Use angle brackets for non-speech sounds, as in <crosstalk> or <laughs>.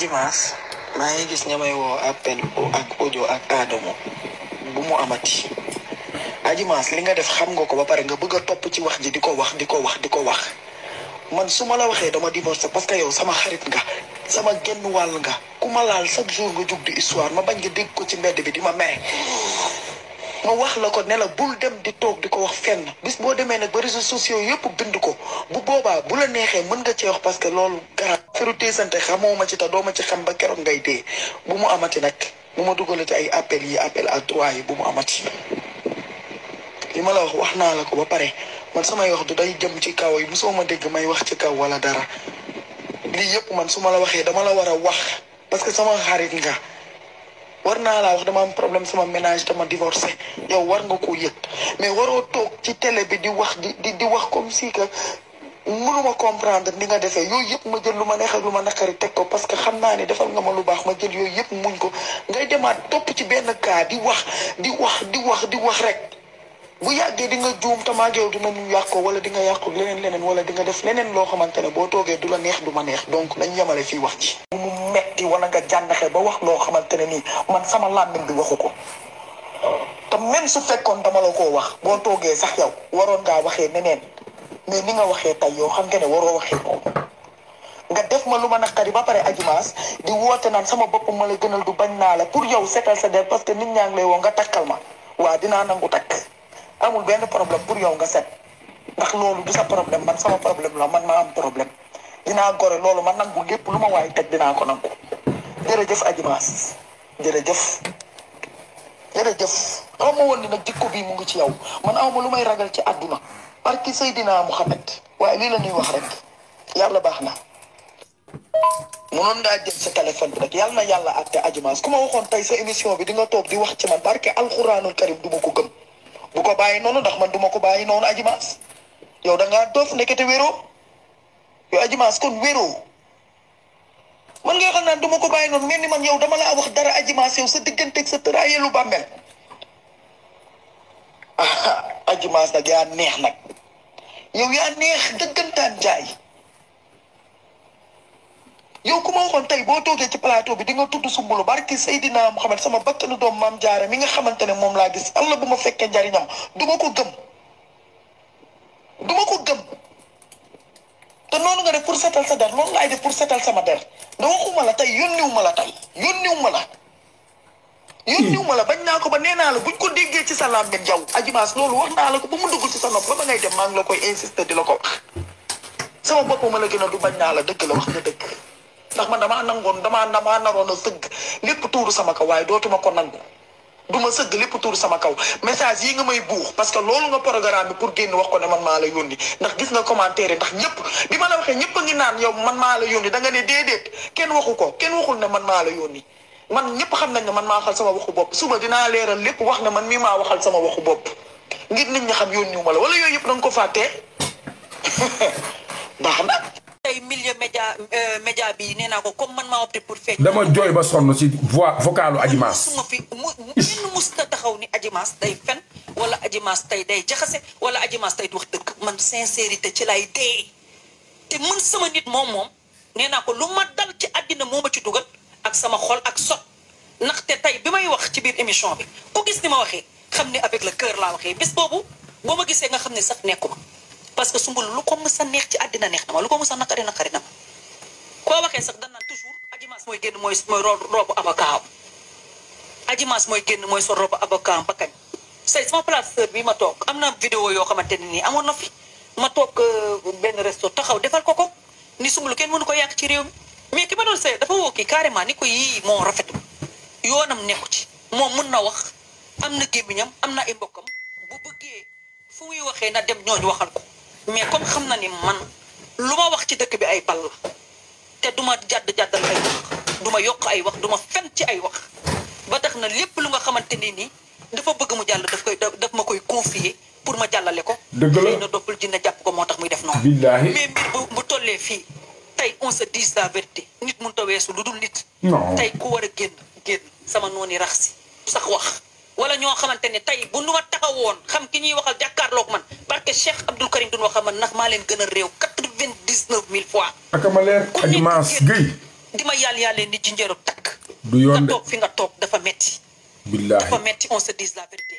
dimanche maa ngi gis ña may woo appel ak audio ak aadamo bu mu amati ajimaas li nga def xam nga ko ba pare nga bëgg topp ci wax ji di ko wax di ko wax di ko wax man su ma la waxee dama divorce parce que yow sama xarit nga sama genn wàll nga ku ma laal chaque jour nga jug di histoire ma bañ nga dégg ko ci mbedd bi di ma mere ma wax la ko ne la bul dem di toog di ko wax fenn bis boo demee nag ba réseaux sociaux yëpp bind ko bu boobaa bu la neexee mën nga cee wax parce que loolu garab feru téesante xamoo ma ci te doo ma ci xam ba keroog ngay dee bu mu amati nag bu ma dugalee dugalati ay appel yi appel à trois yi bu mu amati li ma la wax wax naa la ko ba pare man samay wax du day jëm ci kaw yi soo ma dégg may wax ci kaw wala dara lii yëpp man su ma la waxee dama la war a wax parce que sama xarit nga war naa laa wax dama am problème sama ménage dama divorcé yow war nga koo yëg mais waroo toog ci télé bi di wax di di wax comme si que mënuma comprendre ni nga defee yooyu yëpp ma jël lu ma neex ak lu ma naqari teg ko parce que xam naa ne defal nga ma lu baax ma jël yooyu yëpp muñ ko ngay demaat topp ci benn kaa di wax di wax di wax di wax rek bu yàggee di nga juum tamaag yow dinañu yàqoo wala di nga yàqu leneen leneen wala di nga def leneen loo xamante ne boo toogee du la neex du ma neex donc nañ yemale fii wax ji metti wala nga jànnaxe ba wax loo xamante ne nii man sama làmmiñ bi waxu ko te même su fekkoon dama la ko wax boo toogee sax yow waroon ngaa waxee neneen mais ni nga waxee tey yoo xam nga ne waroo waxee noonu nga def ma lu ma naqari ba pare ajumaas di woote naan sama bopp ma la gënal du bañ naa la pour yow setal sa der parce que nit ñaa ngi lay woo nga takkal ma waa dinaa nangu takk amul benn problème pour yow nga set ndax loolu du sa problème man sama problème la man maa am problème dinaa gore loolu ma nangu lépp lu ma waay teg dinaa ko nangu jërëjëf Adji Mass jërëjëf jërëjëf xaw ma woon ni nag jikko bii mu ngi ci yow man awma lu may ragal ci àdduna barki Seydina Muhammad waaye lii la ñuy wax rek yàlla baax na mënoon ngaa jël sa téléphone bi rek yàlla na yàlla àtte Adji Mass ku ma waxoon tey sa émission bi di nga toog di wax ci man barke alxuraanul karim du ma ko gëm bu ko bàyyi noonu ndax man duma ko bàyyi noonu Adji Mass yow da yow Adji Mass kon wéroo man ngay xam naan duma ko bàyyi noonu mel ni man yow dama laa wax dara Adji Mass yow sa digganteeg sa tëraayeelu bàmmeel ah Adji nag yaa neex nag yow yaa neex dëggantaan jaay yow ku ma waxoon tey boo toogee ci plateau bi di nga tudd sumbulu barki Seydina Muhammad sama bakkanu doom maam jaara mi nga xamante ne moom laa gis Allah bu ma fekkee njariñam duma ko gëm du ko gëm te noonu nga def pour setal sa der noonu laay def pour setal sama der nga waxuma la tey ma la tey yónniwuma la. ma la bañ naa ko ba nee naa la buñ ko déggee ci sa làmmiñ jaw ajimaas loolu wax naa la ko ba mu dugg ci sa nopp ba ba dem maa ngi la koy insister di la ko wax. sama bopp ma la gën a du bañ naa la dëgg la wax nga dëgg ndax man damaa nangoon damaa damaa naroon a sëgg lépp tuuru sama ko waaye dootuma ko nangu. duma sëgg lépp tour sama kaw message yi nga may buux parce que loolu nga programme bi pour génn wax ko ne man maa la yónni ndax gis nga commentaire ndax ñëpp bi ma la waxee ñëpp a ngi naan yow man maa la yónni da nga ne déedéet kenn waxu ko kenn waxul ne man maa la yoon yónni man ñëpp xam nañ ne man maa waxal sama waxu bopp suba dinaa leeral lépp wax ne man mii maa waxal sama waxu bopp ngir nit ñi xam yoon ma la wala yooyu yëpp da nga ko fàttee <laughs> baax na milieu média euh, média bi nee naa ko comme man maa opté pour feeñ. dama jooy ba sonn si voix vocalu Adjimass. mu fi mu ñun mës na taxaw ni Adjimass day fen wala maas tey day jaxase wala Adjimass tey wax dëgg man sincérité ci lay dee te mën sama nit moom moom nee naa ko lu ma dal ci àddina moom ma ci dugal ak sama xol ak sot ndaxte tey bi may wax ci biir émission bi ku gis ni ma waxee xam ne avec la cœur laa waxee bis boobu boo ma gisee nga xam ne sax nekkuma. parce que sumbu lu ko mës a neex ci àddina neex na ma lu ko mës a naqari naqari na ma koo waxee sax dañ naan toujours Adji mooy génn mooy mooy roobu avocat am Adji Mass mooy génn mooy so ba kañ say sama placeur bi ma toog am na vidéo yoo xamante ne nii amoon na fi ma toog euh, benn resto taxaw defal ko ko ni Soumboulou kenn mënu ko yàq ci réew mi mais ki ma doon sëy dafa woo kii carrément ni ko yii moo rafetul yoonam nekku ci moom mun na wax am na gémmiñam am na ay mbokkam bu bëggee waxee na dem ñooñu waxal ko mais comme xam na ni man lu ma wax ci dëkk bi ay bal la te du ma jàdd jàddal ay wax du ma yokk ay wax du ma fen ci ay wax ba tax na lépp lu nga xamante ni nii dafa bëgg mu jàll daf koy daf ma koy confier pour ma jàllale ko. dëgg la na doppul dina jàpp ko moo tax muy def noonu. mais mbir mu bu tollee fii tey on se dit la vérité nit mun ta weesu lu dul nit. non tey ku war a génn génn sama noonu rax si sax wax. wala ñoo xamante ne tey bu nu ma taxawoon xam ki ñuy waxal jàkkaarloog man parce que Cheikh Abdoul Karim duñu wax man ndax maa leen gën a réew quatre-vingt-dix-neuf mille fois. ak ma leer ak maas Guèye. di ma yàlla yàlla ni ci njëriñ takk. du yoon de nga toog fi nga toog dafa metti. billaahi dafa metti on se dise la vérité.